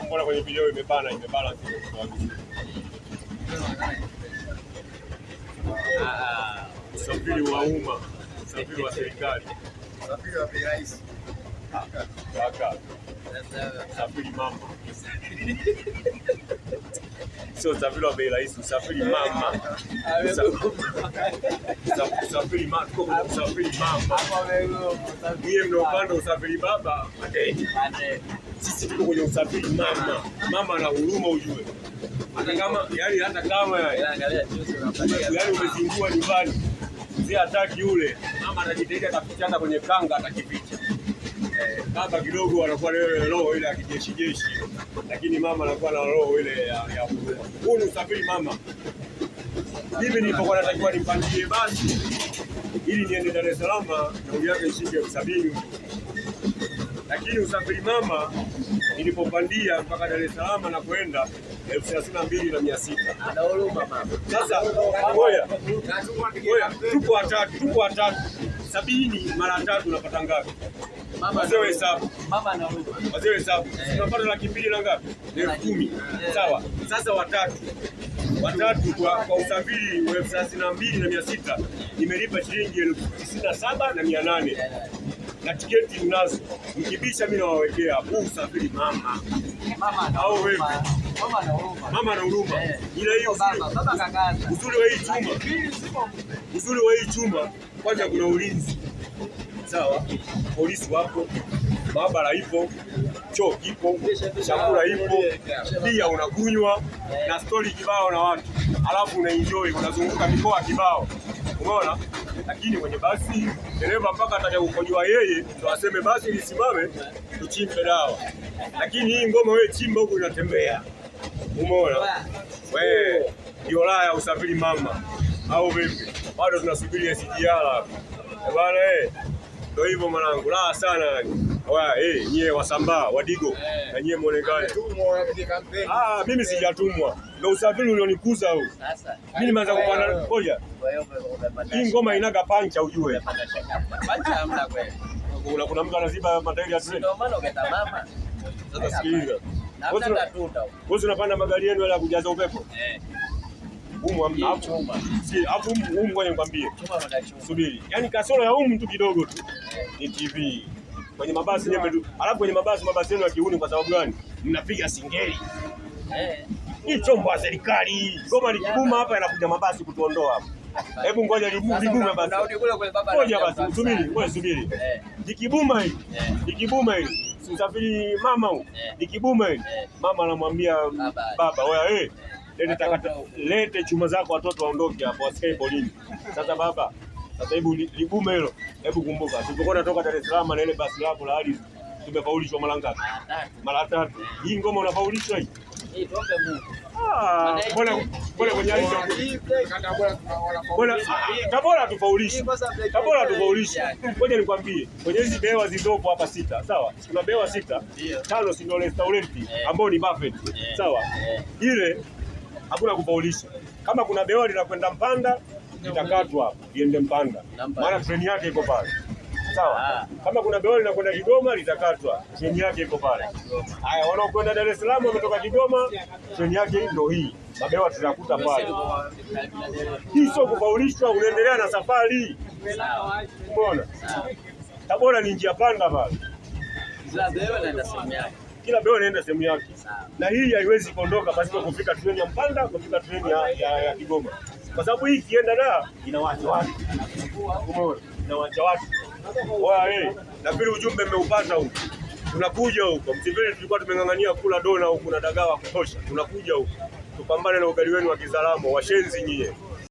Hakuna kwenye video imebana imebana usafiri wa umma, usafiri wa serikali, usafiri wa rais. Kaka. Ah, usafiri mama. sio usafiri wa bei rahisi, usafiri mama, usafiri mama, usafiri mama. Niye mnaopanda usafiri baba, sisi tuko kwenye usafiri mama. Mama na huruma ujue, hata kama yani, hata kama yani umezingua nyumbani, si hataki yule mama, atajitahidi ataficha kwenye kanga atakificha baba kidogo anakuwa na ile roho ile ya kijeshi jeshi, lakini mama anakuwa na roho ile ya huruma. Huu ni usafiri mama. Mimi nilipokuwa natakiwa nipandie basi ili niende Dar es Salaam na yake shilingi elfu sabini lakini usafiri mama nilipopandia mpaka Dar es Salaam na kwenda elfu thelathini na mbili na mia sita. Sasa ngoja, tuko watatu, tuko watatu, sabini mara tatu unapata ngapi? wazee hesabu, eh. tunapata laki mbili na ngapi? elfu kumi. Sawa, sasa watatu watatu kwa usafiri wa elfu thelathini na mbili na mia sita nimelipa shilingi elfu tisini na saba na mia nane na tiketi mnazo, mkibisha mimi nawawekea huu usafiri mama au wewe mama na huruma. Eh. Ila hiyo uzuri wa hii chuma, uzuri wa hii chuma, kwanza kuna ulinzi sawa. Polisi wapo, maabara ipo, choo kipo, chakula ipo, pia unakunywa na stori kibao na watu, alafu unaenjoy, unazunguka mikoa kibao, umeona. Lakini kwenye basi dereva mpaka atakaukojua yeye ndo aseme basi lisimame tuchimbe dawa, lakini hii ngoma wewe chimba huko inatembea, umeona wewe ndio raha ya usafiri mama, au vipi? Bado tunasubiri SGR bwana eh. Ndio hivyo mwanangu, la sana eh, nyie Wasambaa Wadigo hey, eh. na nyie muonekane. Ah, mimi sijatumwa, ndio usafiri ulionikuza huu. Sasa mimi nimeanza kupanda koja. Hii ngoma inaga pancha, ujue pancha hamna kweli. Kuna mtu anaziba matairi ya treni. Ndio maana umetamama. Sasa sikiliza, wewe unapanda magari yenu ya kujaza upepo eh Subiri, yaani kasoro ya umu tu kidogo tu ni TV kwenye mabasi yeah. Nyewe alafu kwenye mabasi mabasi yenu ya kihuni kwa sababu gani mnapiga singeli eh? Ni chombo cha serikali. Goma ni kibuma hapa yanakuja mabasi kutuondoa hapa. Hebu ngoja libuma basi. Naudi kule baba. Ngoja basi, subiri, ngoja subiri. Likibuma eh. hii. Likibuma eh. hili. Si usafiri mama huyu. Likibuma eh. hii. Mama anamwambia baba, wewe eh, lete chuma zako watoto waondoke hapo wasikae polini. Sasa baba sasa hebu ligume hilo, hebu kumbuka tulipokuwa tunatoka Dar es Salaam na ile basi lako la hali tumefaulishwa mara ngapi? Mara tatu. Hii ngoma unafaulishwa hii? Tabora tufaulishi, Tabora tufaulishi. Ngoja nikwambie, kwenye hizi bewa zilizopo hapa sita, sawa? Kuna bewa sita, tano si restaurant eh. ni buffet, eh. sawa? Eh. Ile hakuna kufaulisha. Kama kuna bewa linakwenda Mpanda itakatwa iende Mpanda, maana treni yake iko pale. Sawa, ah. kama kuna beoli linakwenda Kigoma litakatwa, treni yake iko pale. Haya, wanaokwenda Dar es Salaam wametoka Kigoma, treni yake ndio hii, mabewa tutakuta pale. Hii sio kufaulishwa, unaendelea na safari. Mbona Tabora ni njia panda pale, kila bewa inaenda sehemu yake, na hii haiwezi kuondoka pasipo kufika treni ya Mpanda, kufika treni ya Kigoma kwa sababu hii ikienda na inawacha watu inawacha watu wae. Na pili ujumbe mmeupata huko, tunakuja huko Mseveni, tulikuwa tumeng'ang'ania kula dona huko na dagaa wa kutosha, tunakuja huko tupambane na ugali wenu wa kizalamo washenzi nyie.